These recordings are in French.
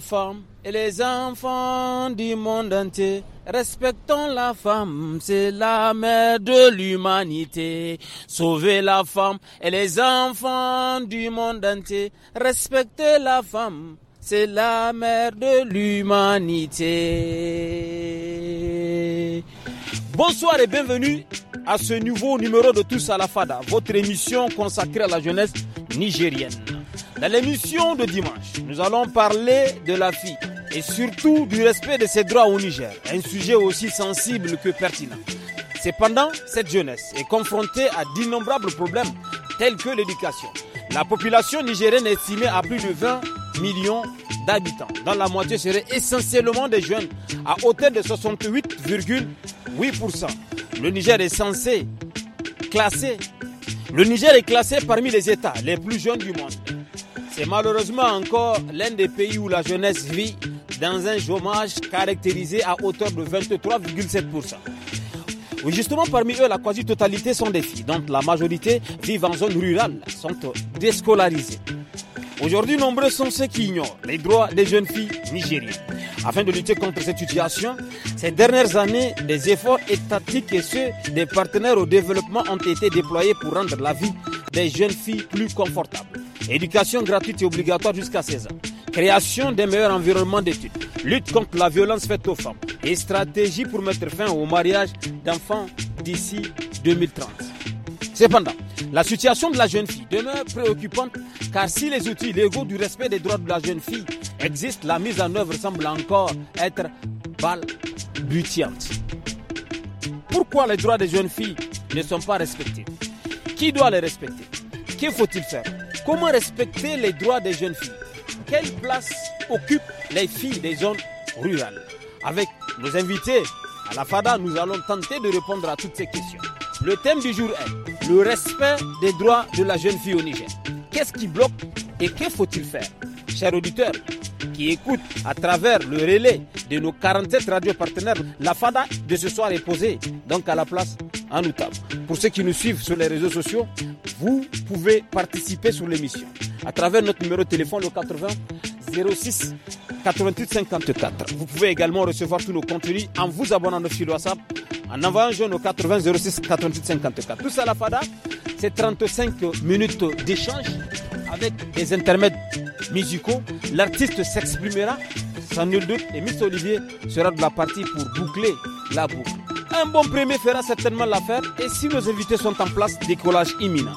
femme et les enfants du monde entier. Respectons la femme, c'est la mère de l'humanité. Sauvez la femme et les enfants du monde entier. Respectez la femme, c'est la mère de l'humanité. Bonsoir et bienvenue à ce nouveau numéro de Tous à la Fada, votre émission consacrée à la jeunesse nigérienne. Dans l'émission de dimanche, nous allons parler de la fille et surtout du respect de ses droits au Niger, un sujet aussi sensible que pertinent. Cependant, cette jeunesse est confrontée à d'innombrables problèmes tels que l'éducation. La population nigérienne est estimée à plus de 20 millions d'habitants, dont la moitié serait essentiellement des jeunes, à hauteur de 68,8%. Le Niger est censé classer. Le Niger est classé parmi les États les plus jeunes du monde. C'est malheureusement encore l'un des pays où la jeunesse vit dans un chômage caractérisé à hauteur de 23,7%. Justement, parmi eux, la quasi-totalité sont des filles, dont la majorité vivent en zone rurale, sont déscolarisées. Aujourd'hui, nombreux sont ceux qui ignorent les droits des jeunes filles nigériennes. Afin de lutter contre cette situation, ces dernières années, des efforts étatiques et ceux des partenaires au développement ont été déployés pour rendre la vie des jeunes filles plus confortable. Éducation gratuite et obligatoire jusqu'à 16 ans. Création d'un meilleur environnement d'études. Lutte contre la violence faite aux femmes. Et stratégie pour mettre fin au mariage d'enfants d'ici 2030. Cependant, la situation de la jeune fille demeure préoccupante car si les outils légaux du respect des droits de la jeune fille existent, la mise en œuvre semble encore être balbutiante. Pourquoi les droits des jeunes filles ne sont pas respectés Qui doit les respecter Que faut-il faire Comment respecter les droits des jeunes filles Quelle place occupent les filles des zones rurales Avec nos invités à la FADA, nous allons tenter de répondre à toutes ces questions. Le thème du jour est le respect des droits de la jeune fille au Niger. Qu'est-ce qui bloque et que faut-il faire Chers auditeurs qui écoutent à travers le relais de nos 47 radios partenaires, la FADA de ce soir est posée. Donc à la place en Pour ceux qui nous suivent sur les réseaux sociaux, vous pouvez participer sur l'émission à travers notre numéro de téléphone le 80 06 88 54. Vous pouvez également recevoir tous nos contenus en vous abonnant à notre fil WhatsApp en envoyant un jeune au 80 06 88 54. Tout ça à la FADA, c'est 35 minutes d'échange avec des intermèdes musicaux. L'artiste s'exprimera sans nul doute et Miss Olivier sera de la partie pour boucler la boucle. Un bon premier fera certainement l'affaire et si nos invités sont en place, décollage imminent.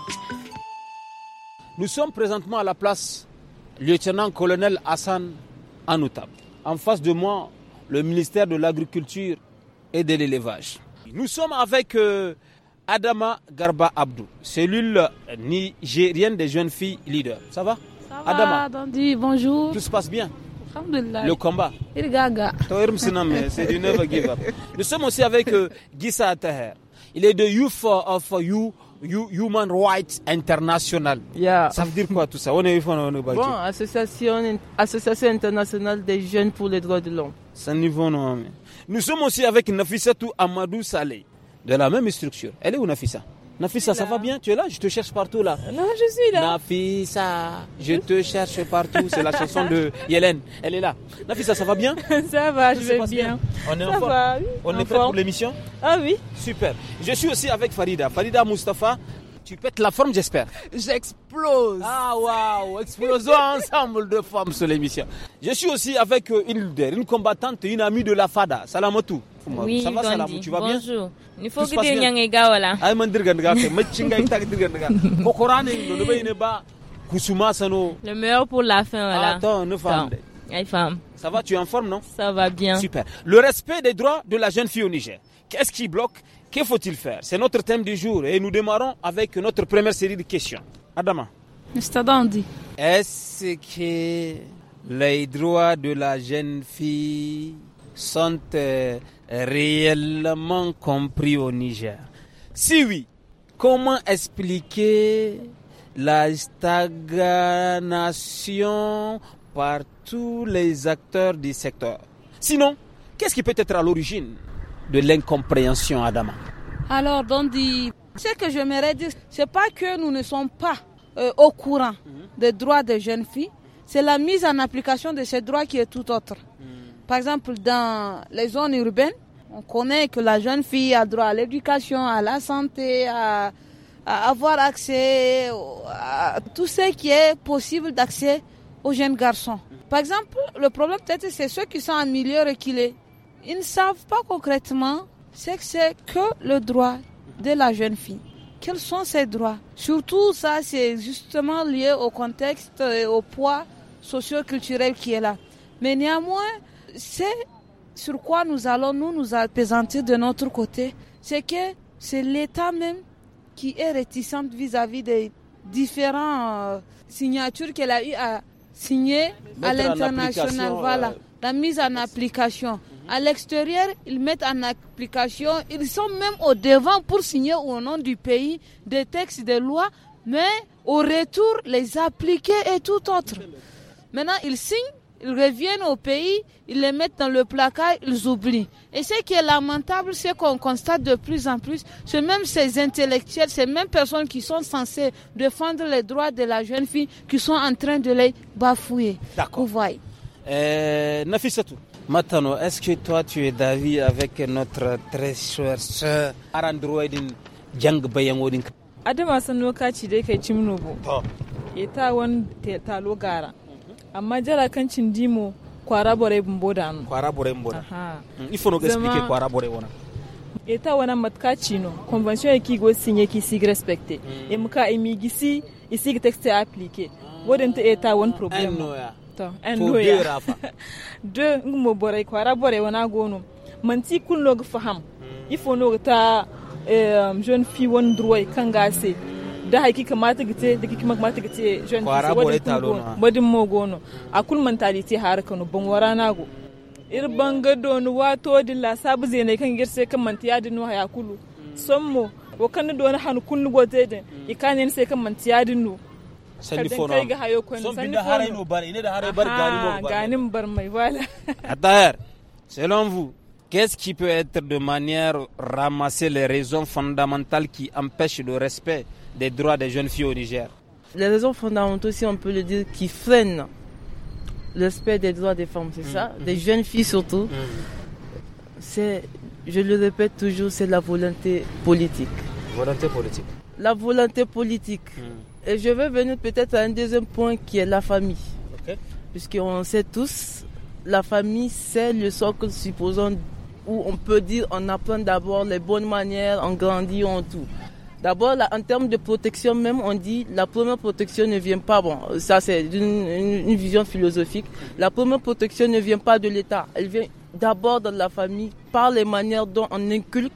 Nous sommes présentement à la place lieutenant-colonel Hassan Anoutab. En face de moi, le ministère de l'Agriculture et de l'Élevage. Nous sommes avec euh, Adama Garba Abdou, cellule nigérienne des jeunes filles leaders. Ça va Ça Adama. bonjour. Tout se passe bien le combat. C'est never give up. Nous sommes aussi avec euh, Gisa Ataher. Il est de Youth of you, uh, Human Rights International. Yeah. Ça veut dire quoi tout ça association, association internationale des jeunes pour les droits de l'homme. niveau Nous sommes aussi avec Tou Amadou Saleh de la même structure. Elle est où Nafisa Nafisa, ça va bien Tu es là Je te cherche partout là. Non, je suis là. Nafisa, je te cherche partout. C'est la chanson de Yélène. Elle est là. Nafisa, ça va bien Ça va, je vais bien. On est en forme. On est prêt pour l'émission Ah oui. Super. Je suis aussi avec Farida. Farida Mustafa. Tu pètes la forme, j'espère. J'explose. Ah waouh, explosons ensemble de femmes sur l'émission. Je suis aussi avec euh, une une combattante, et une amie de la Fada, Salamotou oui, ça va salam tu vas bien bonjour il faut que tu ay ba kusuma le meilleur pour la fin voilà attends ne femme femme ça va tu es en forme non ça va bien super le respect des droits de la jeune fille au Niger qu'est-ce qui bloque que faut-il faire c'est notre thème du jour et nous démarrons avec notre première série de questions Adama est-ce que les droits de la jeune fille sont euh, réellement compris au Niger Si oui, comment expliquer la stagnation par tous les acteurs du secteur Sinon, qu'est-ce qui peut être à l'origine de l'incompréhension, Adama Alors, Dondi, ce que j'aimerais dire, c'est pas que nous ne sommes pas euh, au courant mhm. des droits des jeunes filles, c'est la mise en application de ces droits qui est tout autre. Mhm. Par exemple, dans les zones urbaines, on connaît que la jeune fille a droit à l'éducation, à la santé, à, avoir accès à tout ce qui est possible d'accès aux jeunes garçons. Par exemple, le problème peut-être c'est ceux qui sont en milieu reculé. Ils ne savent pas concrètement ce que c'est que le droit de la jeune fille. Quels sont ses droits Surtout ça, c'est justement lié au contexte et au poids socio-culturel qui est là. Mais néanmoins, c'est sur quoi nous allons nous nous présenter de notre côté. C'est que c'est l'État même qui est réticente vis-à-vis des différentes euh, signatures qu'elle a eu à signer à l'international. Voilà, euh, la mise en application. Mhm. À l'extérieur, ils mettent en application, ils sont même au devant pour signer au nom du pays des textes, des lois, mais au retour, les appliquer et tout autre. Maintenant, ils signent ils reviennent au pays, ils les mettent dans le placard, ils oublient. Et ce qui est lamentable, c'est qu'on constate de plus en plus, c'est même ces intellectuels, ces mêmes personnes qui sont censées défendre les droits de la jeune fille, qui sont en train de les bafouiller. D'accord. Vous voyez. Euh, Matano, est-ce que toi tu es d'avis avec notre très chère soeur Django Djang Bayangodin Adama Sanoka Chideke Et ta wan ta logara. amma jara kancin dimo kwara bore mboda anu kwara bore mboda aha mm, ifo no explique kwara bore wona eta wana matkachi no convention yaki go signé ki sig respecté mm. e muka emigisi isig e texte appliqué wodente eta won problème no ya to en no ya rafa de ngumo bore kwara bore wona gono manti kun no faham mm. ifo no ta eh, jeune fille won droit e kangase mm. da haki mata gite da kiki mata gite jon kwara bore talo na badin a kul mentality har kanu ban warana go ir banga donu wato dilla sabu zene kan girse kan mantiya dinu haya kulu sommo wo kan mm. se kan mantiya dinu fo kai ga hayo no da bar bar mai wala atayar selon vous Qu'est-ce qui peut être de manière ramasser les raisons fondamentales qui empêchent le respect des droits des jeunes filles au Niger Les raisons fondamentales, si on peut le dire, qui freinent le des droits des femmes, c'est mm. ça mm. Des jeunes filles surtout. Mm. C'est, je le répète toujours, c'est la volonté politique. Volonté politique. La volonté politique. Et je vais venir peut-être à un deuxième point qui est la famille. puisque Puisqu'on sait tous, la famille, c'est le socle supposant où on peut dire on apprend d'abord les bonnes manières, on grandit, en tout. D'abord, en termes de protection même, on dit la première protection ne vient pas, bon, ça c'est une, vision philosophique, la première protection ne vient pas de l'État, elle vient d'abord dans la famille par les manières dont on inculque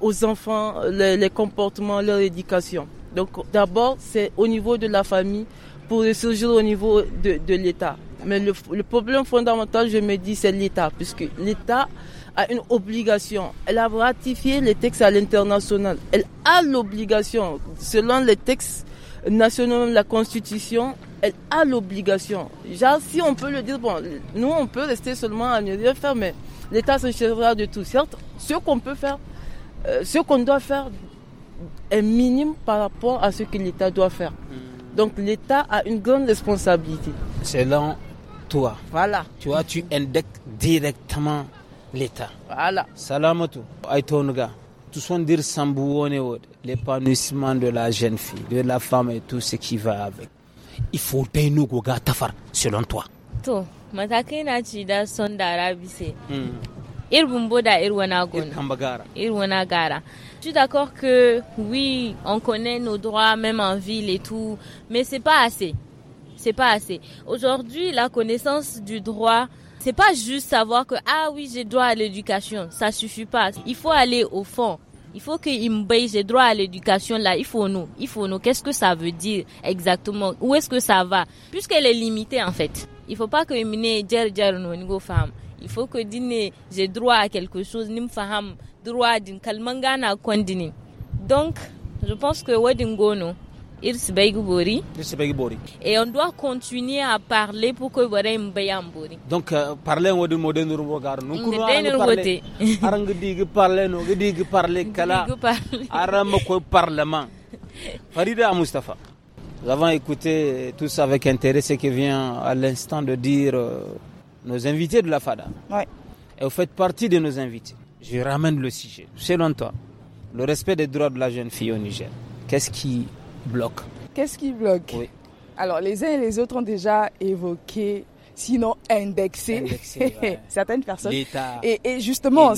aux enfants les, comportements, leur éducation. Donc d'abord, c'est au niveau de la famille pour ressurgir au niveau de, l'État. Mais le, problème fondamental, je me dis, c'est l'État, puisque l'État, a une obligation. Elle a ratifié les textes à l'international. Elle a l'obligation, selon les textes nationaux, la Constitution, elle a l'obligation. Genre, si on peut le dire, bon, nous, on peut rester seulement à ne rien faire, mais l'État se chargera de tout. Certes, ce qu'on peut faire, euh, ce qu'on doit faire est minime par rapport à ce que l'État doit faire. Donc, l'État a une grande responsabilité. Selon toi. Voilà. Tu vois, tu indiques directement l'État. Voilà. Salamoto, Aïtonga. Tout son dire sambouone, l'épanouissement de la jeune fille, de la femme et tout ce qui va avec. Il faut payer nous goga tafar, selon toi. Tout. mais na da son da arabi hmm. gara. Je suis d'accord que oui, on connaît nos droits, même en ville et tout, mais c'est pas assez. C'est pas assez. Aujourd'hui, la connaissance du droit, c'est pas juste savoir que ah oui j'ai droit à l'éducation, ça suffit pas. Il faut aller au fond. Il faut que me j'ai droit à l'éducation là, il faut nous, il faut nous. Qu'est-ce que ça veut dire exactement Où est-ce que ça va Puisqu'elle est limitée en fait. Il faut pas que j'ai femme. Il faut que j'ai droit à quelque chose nim faham droit d'une na kondini. Donc, je pense que nous. Et on doit continuer à parler pour que euh, un Bayambori. Donc, parler moi de modèle Rubogar. Nous parler. parler, nous dig parler, Kala. Aramoko parlement. Farida Mustafa. Nous avons écouté tous avec intérêt ce qui vient à l'instant de dire euh, nos invités de la FADA. Oui. Et vous faites partie de nos invités. Je ramène le sujet. Selon toi, le respect des droits de la jeune fille au Niger, qu'est-ce qui bloque. Qu'est-ce qui bloque oui. Alors, les uns et les autres ont déjà évoqué, sinon indexé, certaines personnes. Et, et, justement,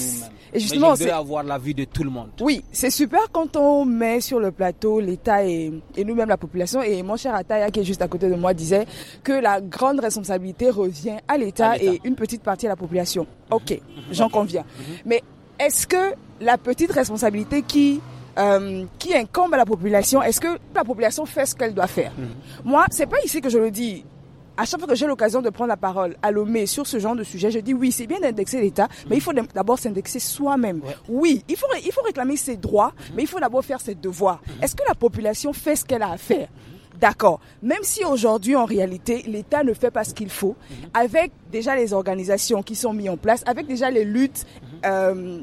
et, justement, c'est avoir la de tout le monde. Oui, c'est super quand on met sur le plateau l'État et, nous-mêmes la population. Et mon cher Ataya, qui est juste à côté de moi, disait que la grande responsabilité revient à l'État et une petite partie à la population. Mhm. Ok, mhm. j'en conviens. Mhm. Mais est-ce que la petite responsabilité qui euh, qui incombe à la population, est-ce que la population fait ce qu'elle doit faire Moi, mhm. Moi, c'est pas ici que je le dis. À chaque fois que j'ai l'occasion de prendre la parole à l'OME sur ce genre de sujet, je dis oui, c'est bien d'indexer l'État, mais il faut d'abord s'indexer soi-même. Oui, il faut, il faut réclamer ses droits, mhm. mais il faut d'abord faire ses devoirs. Mhm. Est-ce que la population fait ce qu'elle a à faire D'accord. Même si aujourd'hui, en réalité, l'État ne fait pas ce qu'il faut, avec déjà les organisations qui sont mises en place, avec déjà les luttes. Euh,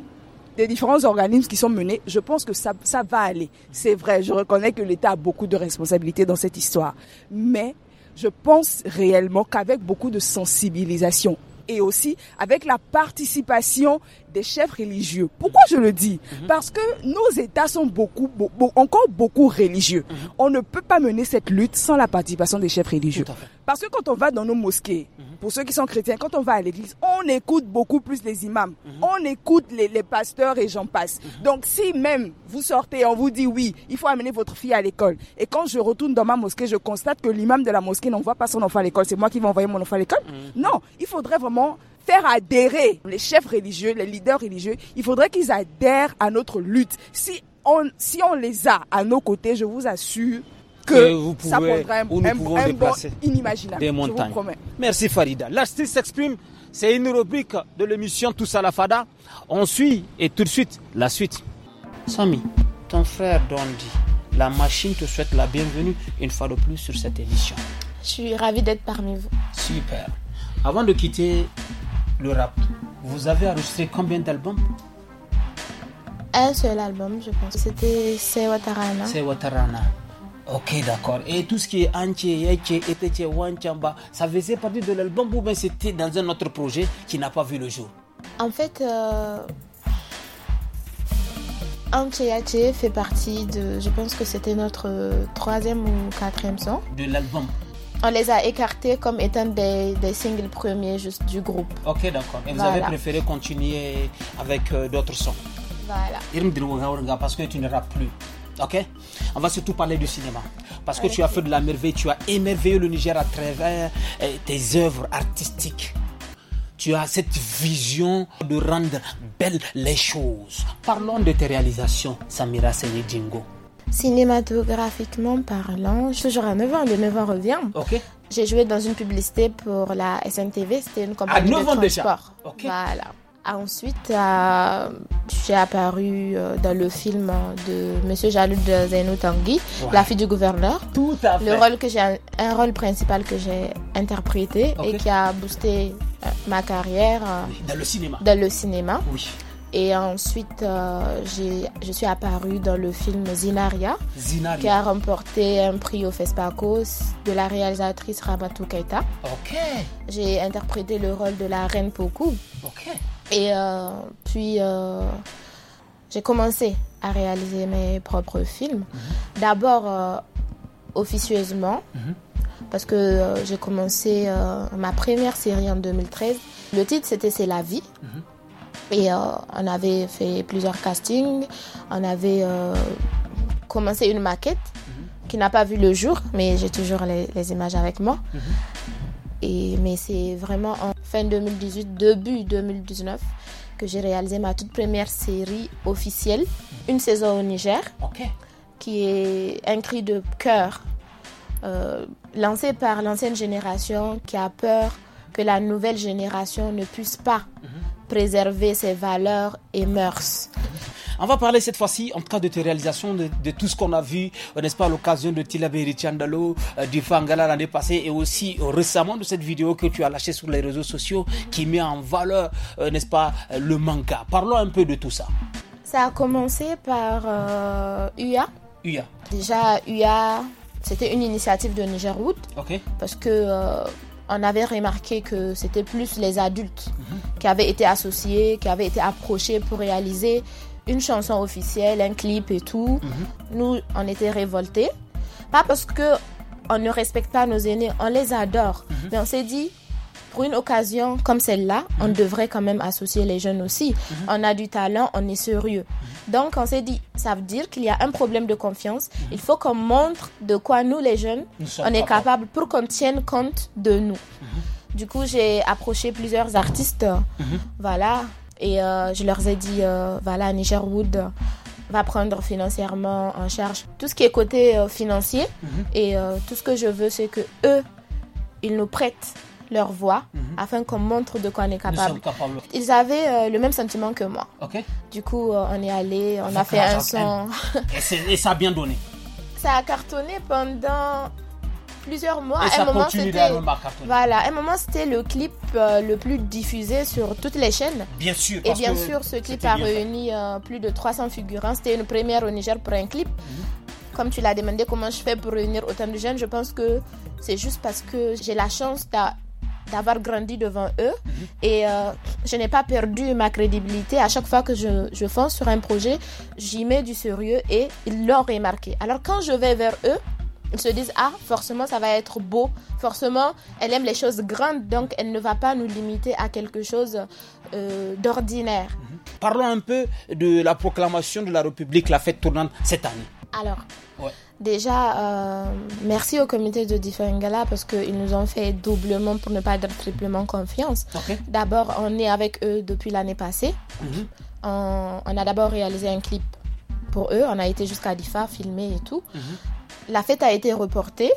des différents organismes qui sont menés, je pense que ça, va aller. C'est vrai, je reconnais que l'État a beaucoup de responsabilités dans cette histoire. Mais je pense réellement qu'avec beaucoup de sensibilisation et aussi avec la participation des chefs religieux. Pourquoi je le dis mhm. Parce que nos États sont beaucoup, encore beaucoup religieux. Mhm. On ne peut pas mener cette lutte sans la participation des chefs religieux. Parce que quand on va dans nos mosquées, mhm. pour ceux qui sont chrétiens, quand on va à l'église, on écoute beaucoup plus les imams, on écoute les, pasteurs et j'en passe. Donc si même vous sortez, on vous dit oui, il faut amener votre fille à l'école. Et quand je retourne dans ma mosquée, je constate que l'imam de la mosquée n'envoie pas son enfant à l'école. C'est moi qui vais envoyer mon enfant à l'école. Non, il faudrait vraiment faire adhérer les chefs religieux, les leaders religieux, il faudrait qu'ils adhèrent à notre lutte. Si on, si on les a à nos côtés, je vous assure que, vous pouvez, ça prendra un, inimaginable. Des montagnes. Merci Farida. L'artiste s'exprime. C'est une rubrique de l'émission Tous à la Fada. On suit et tout de suite la suite. Samy, ton frère Dondi, la machine te souhaite la bienvenue une fois de plus sur cette émission. Je suis ravi d'être parmi vous. Super. Avant de quitter le rap, vous avez enregistré combien d'albums Un seul album, je pense. C'était C'est Watarana. Watarana. Ok, d'accord. Et tout ce qui est Anche, Ete, Eteche, Wanchamba, ça faisait partie de l'album ou bien c'était dans un autre projet qui n'a pas vu le jour En fait, euh, Anche, fait partie de. Je pense que c'était notre troisième ou quatrième son. De l'album on les a écartés comme étant des, singles premiers juste du groupe. Ok, d'accord. Et vous avez préféré continuer avec euh, d'autres sons Voilà. Parce que tu n'iras plus. Ok On va surtout parler du cinéma. Parce que tu as fait de la merveille, tu as émerveillé le Niger à travers euh, tes œuvres artistiques. Tu as cette vision de rendre belles les choses. Parlons de tes réalisations, Samira Seyedingo. Cinématographiquement parlant, je suis toujours à 9 ans. le 9 ans, revient. Ok. J'ai joué dans une publicité pour la SNTV, c'était une compagnie à de sport. Déjà. Voilà. Ensuite, euh, j'ai apparu euh, dans le film de Monsieur Jaloud de La fille du gouverneur. Tout à fait. Le rôle que j'ai, un rôle principal que j'ai interprété et qui a boosté euh, ma carrière. dans le cinéma. Dans le cinéma. Oui. Et ensuite, euh, je suis apparue dans le film Zinaria, qui a remporté un prix au FESPACO de la réalisatrice Rabatou Keita. J'ai interprété le rôle de la reine Poku. Et euh, puis, euh, j'ai commencé à réaliser mes propres films. Mhm. D'abord, officieusement, mhm. parce que j'ai commencé ma première série en 2013. Le titre, c'était C'est la vie. Mhm. Et euh, on avait fait plusieurs castings, on avait euh, commencé une maquette mhm. qui n'a pas vu le jour, mais j'ai toujours les, images avec moi. Mhm. Et, mais c'est vraiment en fin 2018, début 2019, que j'ai réalisé ma toute première série officielle, mhm. une saison au Niger, qui est un cri de cœur euh, lancé par l'ancienne génération qui a peur que la nouvelle génération ne puisse pas préserver ses valeurs et mœurs. On va parler cette fois-ci, en tout cas, de tes réalisations, de, tout ce qu'on a vu, euh, n'est-ce pas, à l'occasion de Tilaberi Chandalo, euh, du Fangala l'année passée, et aussi euh, récemment de cette vidéo que tu as lâchée sur les réseaux sociaux qui met en valeur, n'est-ce pas, le manga. Parlons un peu de tout ça. Ça a commencé par UA. UA. Déjà, UA, c'était une initiative de Niger OK. Parce que on avait remarqué que c'était plus les adultes mhm. qui avaient été associés, qui avaient été approchés pour réaliser une chanson officielle, un clip et tout. Mhm. Nous, on était révoltés. Pas parce que on ne respecte pas nos aînés, on les adore. Mhm. Mais on s'est dit, pour une occasion comme celle-là, on mhm. devrait quand même associer les jeunes aussi. Mhm. On a du talent, on est sérieux. Mhm. Donc on s'est dit, ça veut dire qu'il y a un problème de confiance. Il faut qu'on montre de quoi nous les jeunes, on est capable pour qu'on tienne compte de nous. Du coup, j'ai approché plusieurs artistes, voilà, et euh, je leur ai dit, euh, voilà, Niger Wood va prendre financièrement en charge tout ce qui est côté euh, financier et tout ce que je veux, c'est que eux, ils nous prêtent leur voix mhm. afin qu'on montre de quoi on est capable. Ils avaient euh, le même sentiment que moi. Du coup, euh, on est allé, on a fait un son. Et, ça a bien donné. Ça a cartonné pendant plusieurs mois. Et un moment, c'était voilà, un moment c'était le clip euh, le plus diffusé sur toutes les chaînes. Bien sûr. et bien sûr, ce clip a réuni plus de 300 figurants. C'était une première au Niger pour un clip. Mhm. comme tu l'as demandé comment je fais pour réunir autant de jeunes, je pense que c'est juste parce que j'ai la chance d'avoir grandi devant eux. Et euh, je n'ai pas perdu ma crédibilité. À chaque fois que je, je fonce sur un projet, j'y mets du sérieux et ils l'ont remarqué. Alors quand je vais vers eux, ils se disent ah forcément ça va être beau forcément elle aime les choses grandes donc elle ne va pas nous limiter à quelque chose euh, d'ordinaire parlons un peu de la proclamation de la République la fête tournante cette année alors ouais. Déjà, euh, merci au comité de Gala parce qu'ils nous ont fait doublement, pour ne pas dire triplement confiance. D'abord, on est avec eux depuis l'année passée. Mhm. on, a d'abord réalisé un clip pour eux. On a été jusqu'à Difa, filmer et tout. Mhm. La fête a été reportée.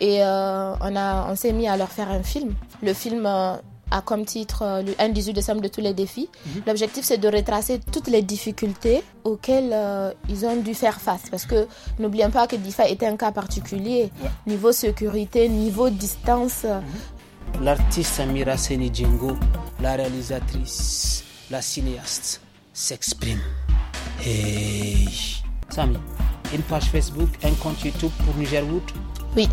Et euh, on, a, on s'est mis à leur faire un film. Le film, euh, a comme titre euh, le 1 18 décembre de tous les défis. Mhm. L'objectif, c'est de retracer toutes les difficultés auxquelles euh, ils ont dû faire face. Parce que n'oublions pas que DIFA était un cas particulier, niveau sécurité, niveau distance. Euh, mhm. L'artiste Samira Senidjingo, la réalisatrice, la cinéaste, s'exprime. et Sami, une page Facebook, un compte YouTube pour Nigerwood Oui,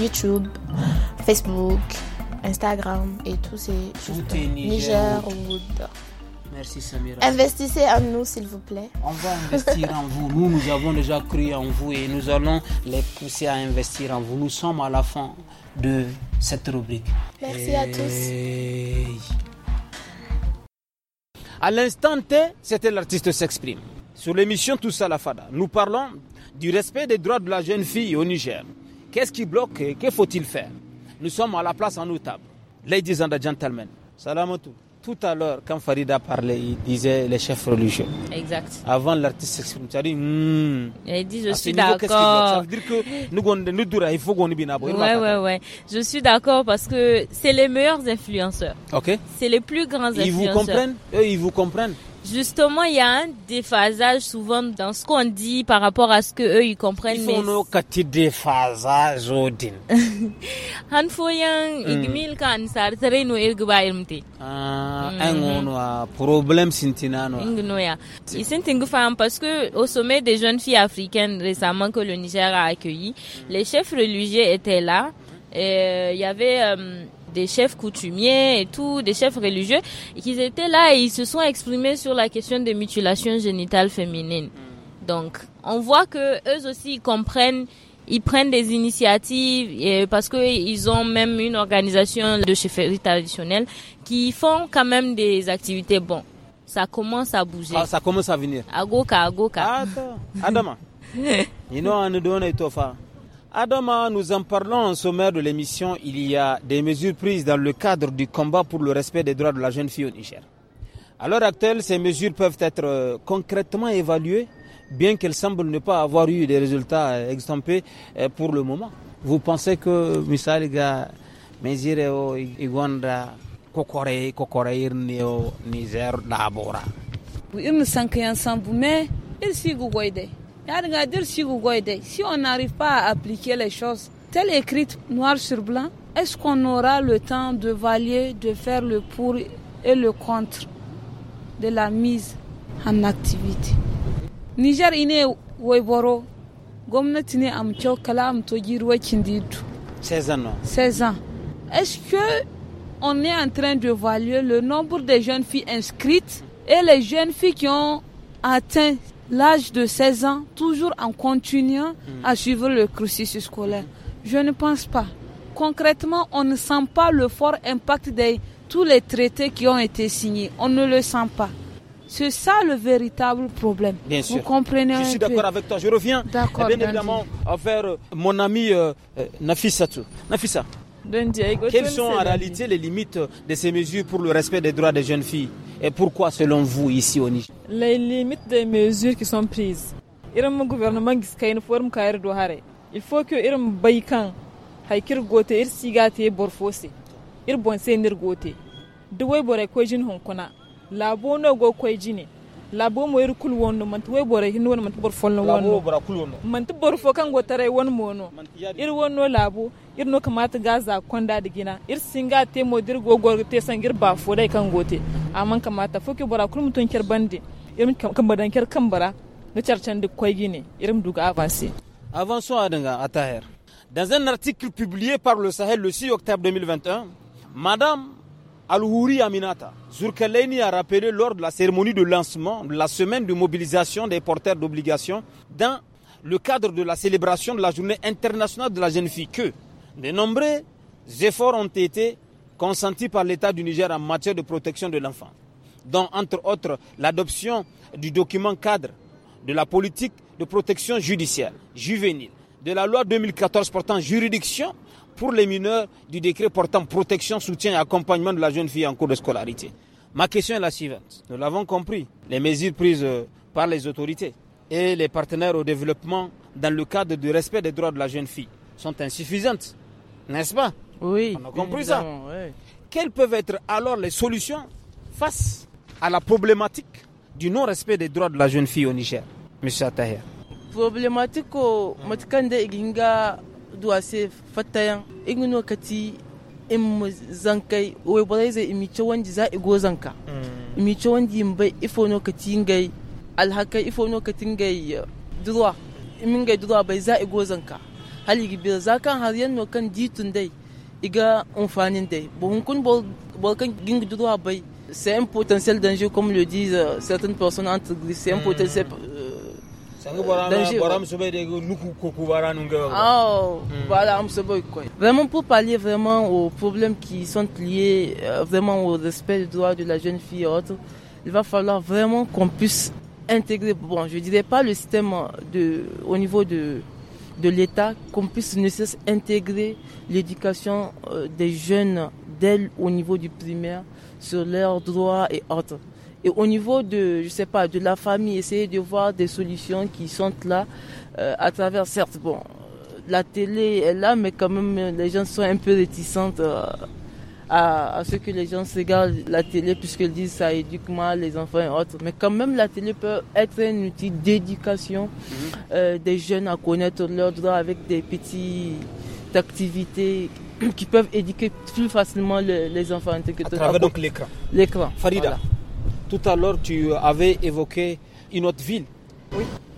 YouTube, Facebook. Instagram et tout, c'est Niger, Wood. Merci Samira. Investissez en nous, s'il vous plaît. On va investir en vous. Nous, nous avons déjà cru en vous et nous allons les pousser à investir en vous. Nous sommes à la fin de cette rubrique. Merci à tous. À l'instant T, c'était l'artiste s'exprime. Sur l'émission tout ça la Fada, nous parlons du respect des droits de la jeune fille au Niger. Qu'est-ce qui bloque et que faut-il faire nous sommes à la place en table. Ladies and gentlemen, salamatou. Tout à l'heure, quand Farida parlait, il disait les chefs religieux. Exact. Avant, l'artiste s'exprime. Tu as dit, hmm. je suis d'accord. Ça veut dire que nous, nous, il faut qu'on y vienne. Oui, oui, oui. Je suis d'accord parce que c'est les meilleurs influenceurs. OK. C'est les plus grands influenceurs. Ils vous comprennent? Eux, ils vous comprennent. Justement, il y a un déphasage souvent dans ce qu'on dit par rapport à ce que eux ils comprennent. Sono ka ti déphasage odin. Han foyan mm. igmil kan sar tare no irgba ilmte. Ah, ngono problème sintina no. ya. Ils sintingu parce que au sommet des jeunes filles africaines récemment que le Niger a accueilli, mm. les chefs religieux étaient là et euh, il y avait euh, des chefs coutumiers et tout, des chefs religieux, qu'ils étaient là et ils se sont exprimés sur la question des mutilations génitales féminines. Hmm. Donc, on voit que eux aussi comprennent, ils prennent des initiatives parce que ils ont même une organisation de chefferie traditionnelle qui font quand même des activités. Bon, ça commence à bouger. Ah, ça commence à venir. Agoka, agoka. Adama. you know, Adama, nous en parlons en sommaire de l'émission. Il y a des mesures prises dans le cadre du combat pour le respect des droits de la jeune fille au Niger. À l'heure actuelle, ces mesures peuvent être euh, concrètement évaluées, bien qu'elles semblent ne pas avoir eu des résultats euh, extampés euh, pour le moment. Vous pensez que Misaliga, Mesireo, Igwanda, Kokore, Kokoreir, Niger, Labora. Oui, il me mais il s'y goûte si vous si on n'arrive pas à appliquer les choses telles écrites noir sur blanc, est-ce qu'on aura le temps de valier, de faire le pour et le contre de la mise en activité Niger il est ne kala 16 ans 16 ans est-ce que on est en train de valuer le nombre de jeunes filles inscrites et les jeunes filles qui ont atteint l'âge de 16 ans, toujours en continuant mm. à suivre le cursus scolaire. Je ne pense pas. Concrètement, on ne sent pas le fort impact de tous les traités qui ont été signés. On ne le sent pas. C'est ça le véritable problème. Bien Vous sûr. comprenez Je suis d'accord avec toi. Je reviens, bien évidemment, vers mon ami Nafisa euh, euh, Nafissatou. Nafissa. Quelles sont en réalité les limites de ces mesures pour le respect des droits des jeunes filles Et pourquoi, selon vous, ici au Niger Les limites des mesures qui sont prises. un gouvernement a une forme kayar do il faut que irin baikan haikir gote ir sigate bor fose en train nir gote duwai bore ko sont honkuna labo no go ko jine labo mo yeri kul wonno man we bore hin wonno man bor folno wonno labo bora kul wonno man bor fo kan go tare won mono ir wonno labo ir no kamata gaza konda de ir singa te mo dir go go te sangir ba fo dai kan gote amman kamata fo ke bora kul mutun ker bande ir kan badan ker kan bara na charchan de koy gine irim duga avancer avançons adanga denga dans un article publié par le Sahel le 6 octobre 2021 madame al Aminata. Zurkeleini a rappelé lors de la cérémonie de lancement de la semaine de mobilisation des porteurs d'obligations dans le cadre de la célébration de la journée internationale de la jeune fille que de nombreux efforts ont été consentis par l'État du Niger en matière de protection de l'enfant, dont entre autres l'adoption du document cadre de la politique de protection judiciaire juvénile de la loi 2014 portant juridiction pour les mineurs du décret portant protection, soutien et accompagnement de la jeune fille en cours de scolarité. Ma question est la suivante. Nous l'avons compris, les mesures prises euh, par les autorités et les partenaires au développement dans le cadre du respect des droits de la jeune fille sont insuffisantes, n'est-ce pas Oui. On a compris ça. Quelles peuvent être alors les solutions face à la problématique du non-respect des droits de la jeune fille au Niger Monsieur Attaher. problematiko matukan da iginga duwase fatayan igino kati in mu zankai wai ba zai imice wanda za i go zanka mm. imice wanda yin bai ifo no kati ngai alhaka ifo no kati ngai durwa imin gai durwa bai za i go zanka hali gibir za kan har yan no kan ditun dai iga amfanin dai buhun kun bol kan gingu durwa bai c'est un potentiel danger comme le disent certaines personnes entre c'est un mm. potentiel Oh, hmm. Vraiment pour parler vraiment aux problèmes qui sont liés euh, vraiment au respect des droits de la jeune fille et autres, il va falloir vraiment qu'on puisse intégrer, bon je dirais pas le système de, au niveau de, de l'État, qu'on puisse nécessairement intégrer l'éducation euh, des jeunes dès au niveau du primaire sur leurs droits et autres. Et au niveau de, je sais pas, de la famille, essayer de voir des solutions qui sont là euh, à travers, certes, bon, la télé est là, mais quand même, les gens sont un peu réticents euh, à, ce que les gens regardent la télé, puisqu'ils disent ça éduque mal les enfants et autres. Mais quand même, la télé peut être un outil d'éducation mhm. euh, des jeunes à connaître leurs droits avec des petites activités qui peuvent éduquer plus facilement les, enfants. À travers ah donc l'écran. L'écran. Farida. Tout à l'heure, tu avais évoqué une autre ville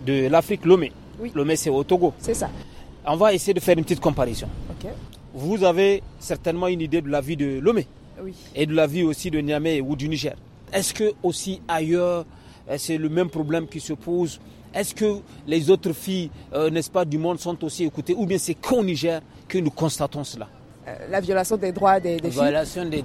de l'Afrique, Lomé. Lomé, c'est au Togo. C'est ça. On va essayer de faire une petite comparaison. Vous avez certainement une idée de la vie de Lomé et de la vie aussi de Niamey ou du Niger. Est-ce que aussi ailleurs, euh, c'est le même problème qui se pose est-ce que les autres filles, euh, n'est-ce pas, du monde sont aussi écoutées Ou bien c'est qu'au Niger que nous constatons cela euh, la violation des droits des, des filles.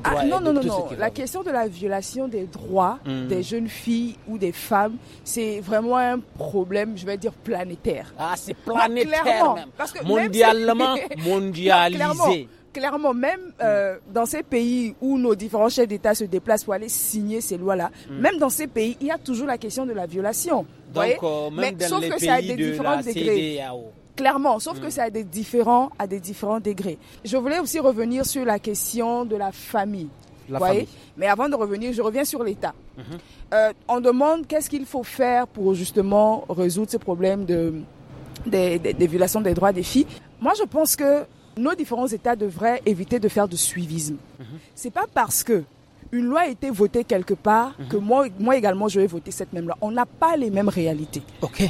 Ah, non, non, non, non. La question de la violation des droits mm. des jeunes filles ou des femmes, c'est vraiment un problème, je vais dire, planétaire. Ah, c'est planétaire clairement, même. Parce que Mondialement, mondialisé. clairement, même euh, mm. dans ces pays où nos différents chefs d'État se déplacent pour aller signer ces lois-là, mm. même dans ces pays, il y a toujours la question de la violation. Donc, euh, même Mais, dans sauf les que pays ça des de différents degrés clairement, sauf que mm. c'est à des différents, à des différents degrés. Je voulais aussi revenir sur la question de la famille. La famille. Mais avant de revenir, je reviens sur l'État. Mm-hmm. Euh, on demande qu'est-ce qu'il faut faire pour justement résoudre ce problème de, des, violations des droits des filles. Moi, je pense que nos différents États devraient éviter de faire du suivisme. Ce mm-hmm. C'est pas parce que une loi a été votée quelque part mm-hmm. que moi, moi également je vais voter cette même loi. On n'a pas les mêmes réalités. Ok.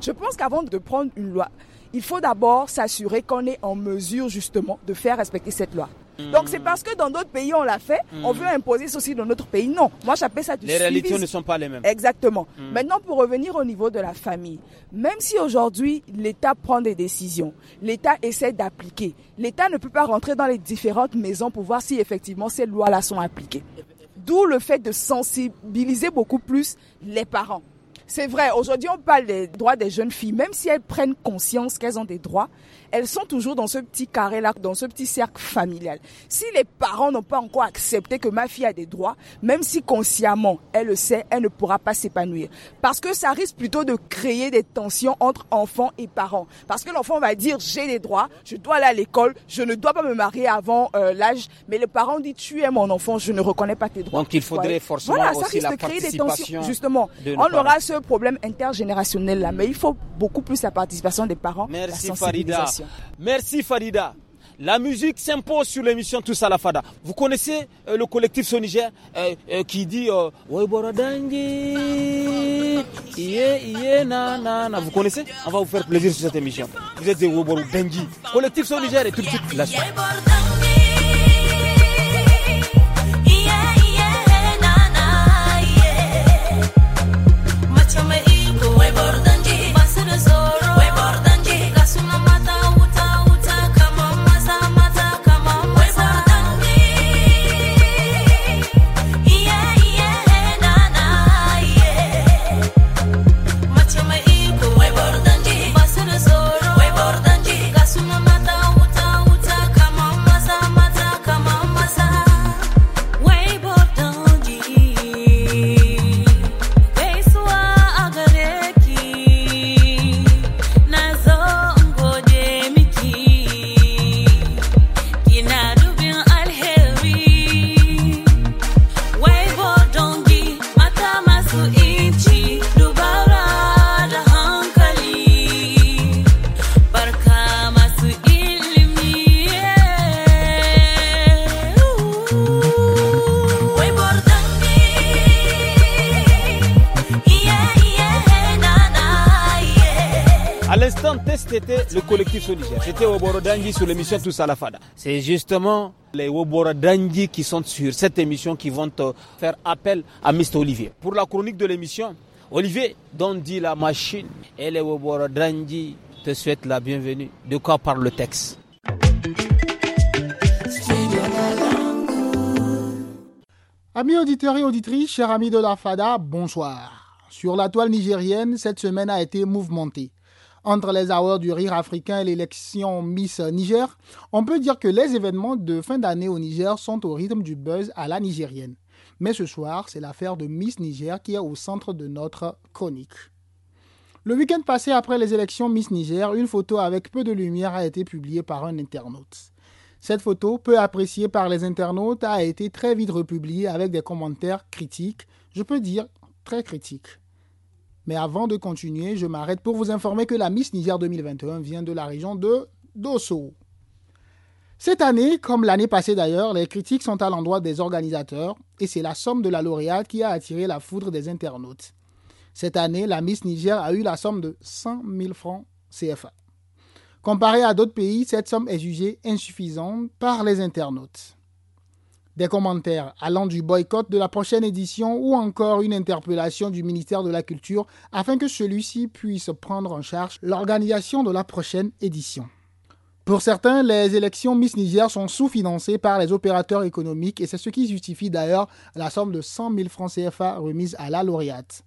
Je pense qu'avant de prendre une loi, il faut d'abord s'assurer qu'on est en mesure justement de faire respecter cette loi. Donc c'est hmm. parce que dans d'autres pays on l'a fait, on hmm. veut imposer ceci dans notre pays. Non, moi j'appelle ça du Les réalités ne sont pas les mêmes. Exactement. Hmm. Maintenant pour revenir au niveau de la famille, même si aujourd'hui l'État prend des décisions, l'État essaie d'appliquer, l'État ne peut pas rentrer dans les différentes maisons pour voir si effectivement ces lois-là sont appliquées. D'où le fait de sensibiliser beaucoup plus les parents. C'est vrai, aujourd'hui on parle des droits des jeunes filles, même si elles prennent conscience qu'elles ont des droits, elles sont toujours dans ce petit carré-là, dans ce petit cercle familial. Si les parents n'ont pas encore accepté que ma fille a des droits, même si consciemment elle le sait, elle ne pourra pas s'épanouir. Parce que ça risque plutôt de créer des tensions entre enfants et parents. Parce que l'enfant va dire j'ai des droits, je dois aller à l'école, je ne dois pas me marier avant euh, l'âge, mais le parent dit tu es mon enfant, je ne reconnais pas tes droits. Donc il faudrait forcément voilà, ça aussi risque de créer des tensions. Justement, on aura ce problème intergénérationnel là, mais il faut beaucoup plus la participation des parents. Merci Farida. Merci Farida. La musique s'impose sur l'émission Tous à la Fada. Vous connaissez euh, le collectif Soniger euh, euh, qui dit euh, Vous connaissez On va vous faire plaisir sur cette émission. Vous êtes des Dangi, Collectif sonigère et tout de suite c'était le collectif solidaire. C'était au sur l'émission Tous à la Fada. C'est justement les Oborodangi qui sont sur cette émission qui vont faire appel à Mr. Olivier. Pour la chronique de l'émission, Olivier, dont dit la machine, et les Oborodangi te souhaitent la bienvenue. De quoi parle le texte Amis auditeurs et auditrices, chers amis de la FADA, bonsoir. Sur la toile nigérienne, cette semaine a été mouvementée entre les hours du rire africain et l'élection Miss Niger, on peut dire que les événements de fin d'année au Niger sont au rythme du buzz à la nigérienne. Mais ce soir, c'est l'affaire de Miss Niger qui est au centre de notre chronique. Le week-end passé après les élections Miss Niger, une photo avec peu de lumière a été publiée par un internaute. Cette photo, peu appréciée par les internautes, a été très vite republiée avec des commentaires critiques, je peux dire très critiques. Mais avant de continuer, je m'arrête pour vous informer que la Miss Niger 2021 vient de la région de Dosso. Cette année, comme l'année passée d'ailleurs, les critiques sont à l'endroit des organisateurs et c'est la somme de la lauréate qui a attiré la foudre des internautes. Cette année, la Miss Niger a eu la somme de 100 000 francs CFA. Comparée à d'autres pays, cette somme est jugée insuffisante par les internautes. Des commentaires allant du boycott de la prochaine édition ou encore une interpellation du ministère de la Culture afin que celui-ci puisse prendre en charge l'organisation de la prochaine édition. Pour certains, les élections Miss Niger sont sous-financées par les opérateurs économiques et c'est ce qui justifie d'ailleurs la somme de 100 000 francs CFA remise à la lauréate.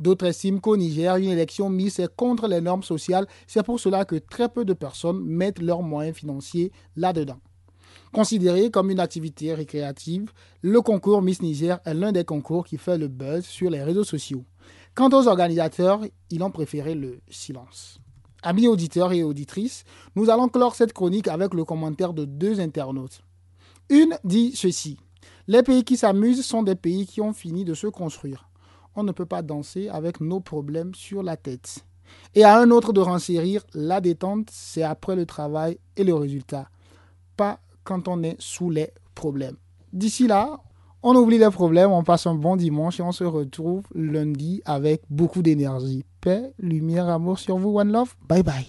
D'autres estiment qu'au Niger, une élection Miss est contre les normes sociales. C'est pour cela que très peu de personnes mettent leurs moyens financiers là-dedans. Considéré comme une activité récréative, le concours Miss Niger est l'un des concours qui fait le buzz sur les réseaux sociaux. Quant aux organisateurs, ils ont préféré le silence. Amis auditeurs et auditrices, nous allons clore cette chronique avec le commentaire de deux internautes. Une dit ceci. Les pays qui s'amusent sont des pays qui ont fini de se construire. On ne peut pas danser avec nos problèmes sur la tête. Et à un autre de renseigner, la détente, c'est après le travail et le résultat. Pas quand on est sous les problèmes. D'ici là, on oublie les problèmes, on passe un bon dimanche et on se retrouve lundi avec beaucoup d'énergie. Paix, lumière, amour sur vous, One Love. Bye bye.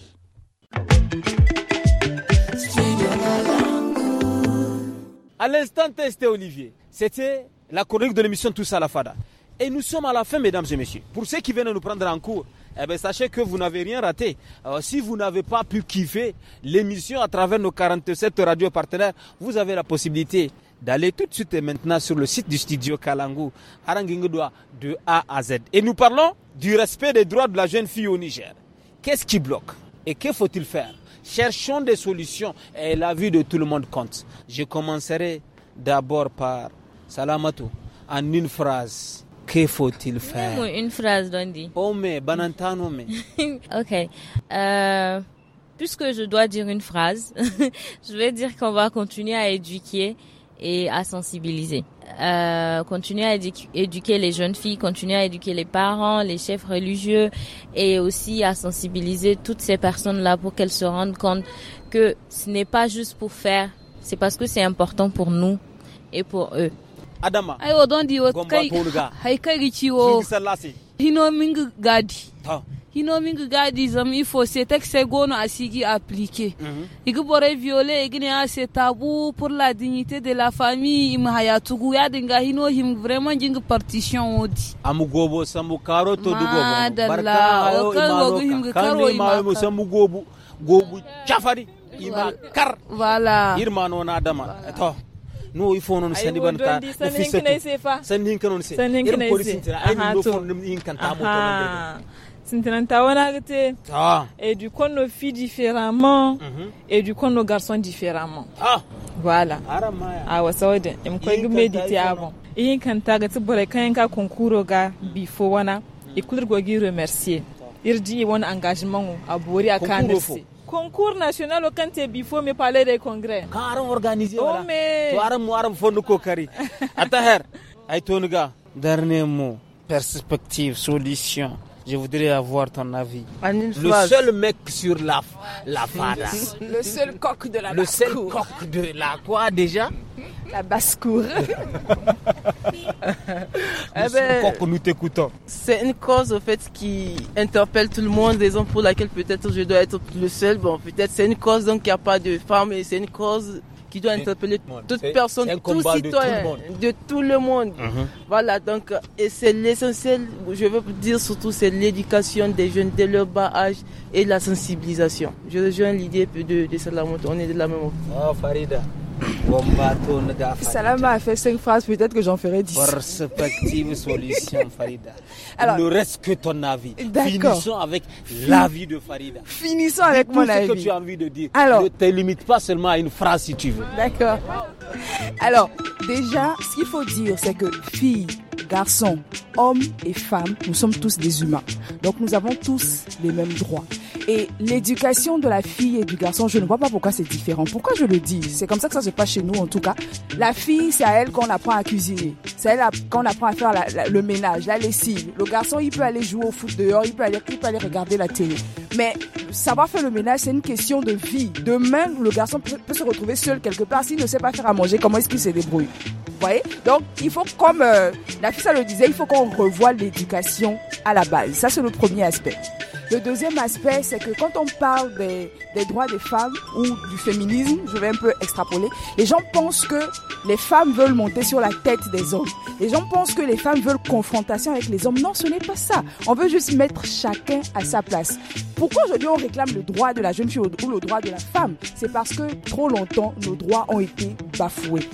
À l'instant, testé Olivier. C'était la chronique de l'émission Tous à la Fada. Et nous sommes à la fin, mesdames et messieurs. Pour ceux qui viennent nous prendre en cours, eh bien, sachez que vous n'avez rien raté. Euh, si vous n'avez pas pu kiffer l'émission à travers nos 47 radios partenaires, vous avez la possibilité d'aller tout de suite et maintenant sur le site du studio Kalangu, Arangingodoa, de A à Z. Et nous parlons du respect des droits de la jeune fille au Niger. Qu'est-ce qui bloque et que faut-il faire Cherchons des solutions et la vue de tout le monde compte. Je commencerai d'abord par Salamato en une phrase que faut-il faire Une phrase, Dondi. Oh, mais, ok. Euh, puisque je dois dire une phrase, je vais dire qu'on va continuer à éduquer et à sensibiliser. Euh, continuer à éduquer les jeunes filles, continuer à éduquer les parents, les chefs religieux et aussi à sensibiliser toutes ces personnes-là pour qu'elles se rendent compte que ce n'est pas juste pour faire, c'est parce que c'est important pour nous et pour eux adama ai o don di o kai hai kai gi ci o hino mingi gadi ha. hino mingi gadi zam il faut c'est texte gono asigi appliquer mm igi bore violer igine a c'est tabou pour la dignité de la famille im hayatugu ya dinga hino him vraiment jing partition odi amu gobo samu karo to du gobo barka o kan gogo him karo ima samu gobo gobu chafari ima kar wala irmano na adama to no ifonon sani ban ka fi sani hinkan se irin policy tira ai no fon nim hinkan ta moto wana gite. Ah. Et du kono fi filles différemment. Mm -hmm. Et du kono nos garçons différemment. Ah. Voilà. Ah, ouais, ça, je me méditer avon. Et il quand t'as gâté pour les ga bifo wana. Ikulir mm. coudre gogi remercier. Il dit wana engagement Abori Bouri à Kandesi concours national au kan il mais parler des congrès ka on organiser Oh, mais... to aran mu aran fo ay dernier mot perspective solution je voudrais avoir ton avis. Le seul mec sur la, la Le seul coq de la Le seul coq de la quoi déjà La basse-cour. eh ben, nous t'écoutons. C'est une cause au fait qui interpelle tout le monde, raison pour laquelle peut-être je dois être le seul. Bon, peut-être c'est une cause donc il n'y a pas de femmes et c'est une cause doit interpeller toute personne, tout citoyen, de tout le monde. Mhm. Voilà, donc, et c'est l'essentiel, je veux dire surtout, c'est l'éducation des jeunes dès leur bas âge et la sensibilisation. Je rejoins l'idée de, de, on est de la même. Salam a fait cinq phrases, peut-être que j'en ferai 10. Perspective, solution, Farida. Alors, ne reste que ton avis. Finissons avec l'avis de Farida. Finissons avec mon avis avis. ce que tu as envie de dire. ne te limite pas seulement à une phrase si tu veux. D'accord. Alors, déjà, ce qu'il faut dire, c'est que Filles, garçon, hommes et femmes nous sommes tous des humains. Donc, nous avons tous les mêmes droits. Et l'éducation de la fille et du garçon, je ne vois pas pourquoi c'est différent. Pourquoi je le dis C'est comme ça que ça se passe chez nous en tout cas. La fille, c'est à elle qu'on apprend à cuisiner. C'est à elle qu'on apprend à faire le ménage, la lessive. Le garçon, il peut aller jouer au foot dehors, il peut aller, aller regarder la télé. Mais savoir faire le ménage, c'est une question de vie. Demain, le garçon peut, se retrouver seul quelque part. S'il ne sait pas faire à manger, comment est-ce qu'il se débrouille Vous Donc, il faut, comme euh, la fille, ça le disait, il faut qu'on revoie l'éducation à la base. Ça, c'est le premier aspect. Le deuxième aspect, c'est que quand on parle des, droits des femmes ou du féminisme, je vais un peu extrapoler, les gens pensent que les femmes veulent monter sur la tête des hommes. Les gens pensent que les femmes veulent confrontation avec les hommes. Non, ce n'est pas ça. On veut juste mettre chacun à sa place. Pourquoi aujourd'hui on réclame le droit de la jeune fille ou le droit de la femme C'est parce que trop longtemps, nos droits ont été bafoués.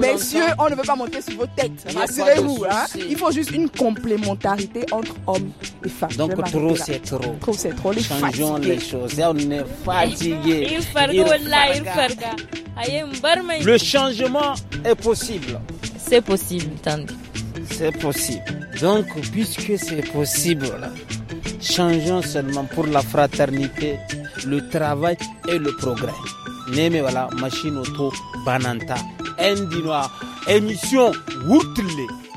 Messieurs, on ne veut pas monter sur vos têtes, rassurez-vous. Hein. Il faut juste une complémentarité entre hommes et femmes. Donc trop c'est trop. Trop c'est trop, les Changeons les choses, on est fatigué. Le changement est possible. C'est possible, C'est possible. Donc, puisque c'est possible, Changeons seulement pour la fraternité, le travail et le progrès. Neme voilà, machine auto bananta. ndinoa émission wurtle.